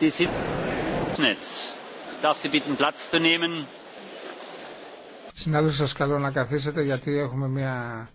die Συνάδελφοι, σας καλώ να καθίσετε γιατί έχουμε μια